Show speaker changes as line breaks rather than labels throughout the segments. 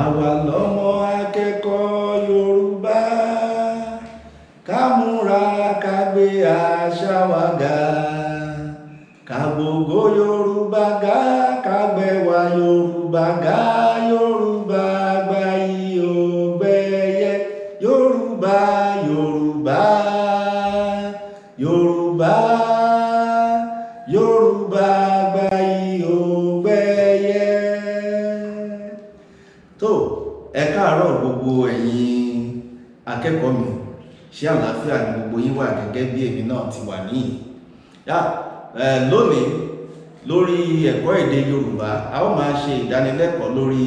àwa lọ́mọ akẹ́kọ̀ọ́ Yorùbá ká múra ká gbé àṣà wa ga ká gbogbo Yorùbá ga ká gbẹ̀wà Yorùbá ga Yorùbá gbayì ògbẹ́yẹ Yorùbá Yorùbá. tó ẹ káàárọ̀ gbogbo ẹ̀yin akẹ́kọ̀ọ́ mi ṣé àlàáfíà ni gbogbo yín wà gẹ́gẹ́ bí èmi náà ti wà níyì yá lónìí lórí ẹ̀kọ́ èdè yorùbá a ó máa ṣe ìdánilẹ́kọ̀ọ́ lórí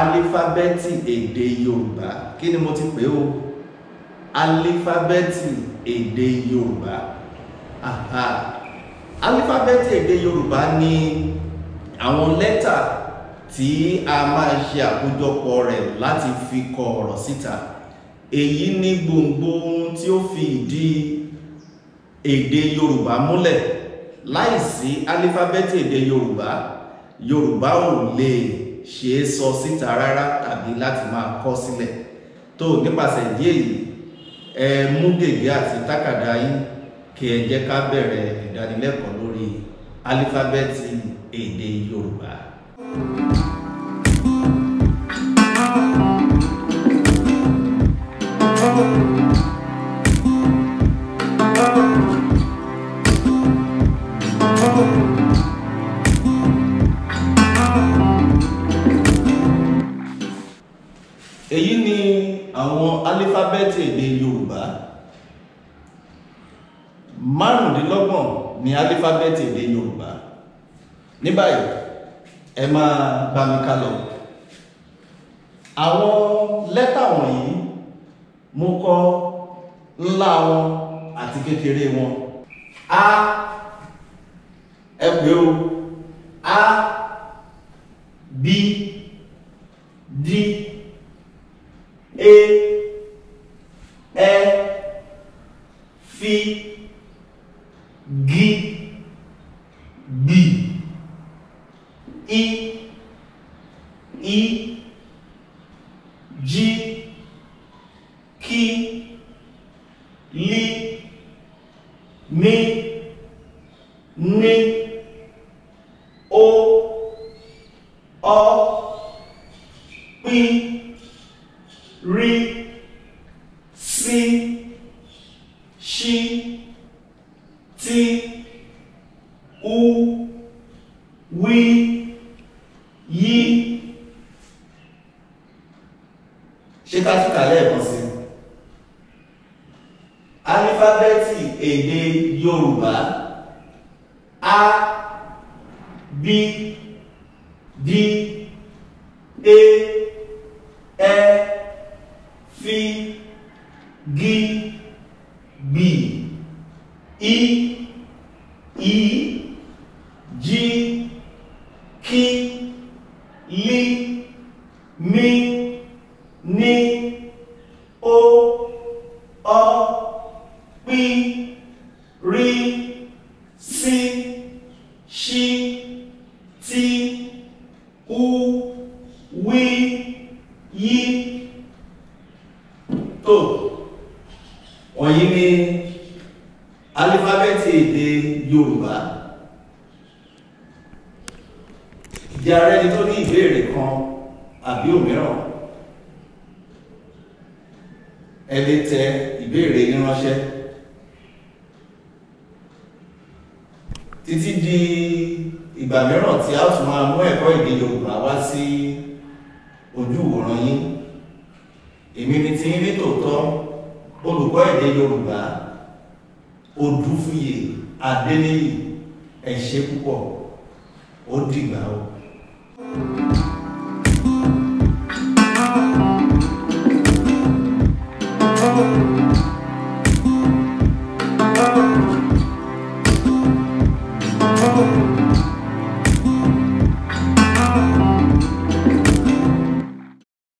alífábẹ́ẹ̀tì èdè yorùbá kí ni mo ti pè ó alífábẹ́ẹ̀tì èdè yorùbá alífábẹ́ẹ̀tì èdè yorùbá ni àwọn lẹ́tà tí a máa ṣe àkójọpọ̀ rẹ̀ láti fi kọ ọ̀rọ̀ síta èyí ni gbòǹgbò ohun tí ó fi ìdí èdè Yorùbá múlẹ̀ láìsí alífábẹ́tì èdè Yorùbá Yorùbá ò lè ṣe é sọ síta rárá tàbí láti máa kọ sílẹ̀ tó nípasẹ̀ ìdí èyí ẹ mú gègé àti tákàdá yín kí ẹ jẹ́ ká bẹ̀rẹ̀ ìdánilẹ́kọ̀ọ́ lórí alífábẹ́tì èdè Yorùbá èyí ni àwọn alífábẹ́ẹ̀tì èdè yorùbá márùndínlọ́gbọ̀n ni alífábẹ́ẹ̀tì èdè yorùbá ní báyìí ẹ máa bá mi ká lọ àwọn lẹ́tà wọ̀nyí mo kọ ńlá wọn àti kékeré wọn a ẹ pé
o a b d e f g ní ní O ọ pí rí sí ṣí tí u wí yí ṣé ká tún kà lẹ́ẹ̀kan sí i
alifábẹ́ẹ̀tì yorùbá a
b d e ẹ fi gi gbi i i ji ki li mi ni. ṣí tí ú wí yí tó
wọ̀nyí ni alifábẹ́tì èdè Yorùbá ìdí ara ẹni tó ní ìbéèrè kan àbí òmíràn ẹ lè tẹ ìbéèrè yín ránṣẹ́. títí di ìgbà mìíràn tí a tún máa mú ẹ̀kọ́ èdè Yorùbá wá sí ojú ìwòran yín èmi ni ti ń rí tòótọ́ olùkọ́ èdè Yorùbá Odúfúyè Adéníyì ẹ púpọ̀ ó dìgbà o.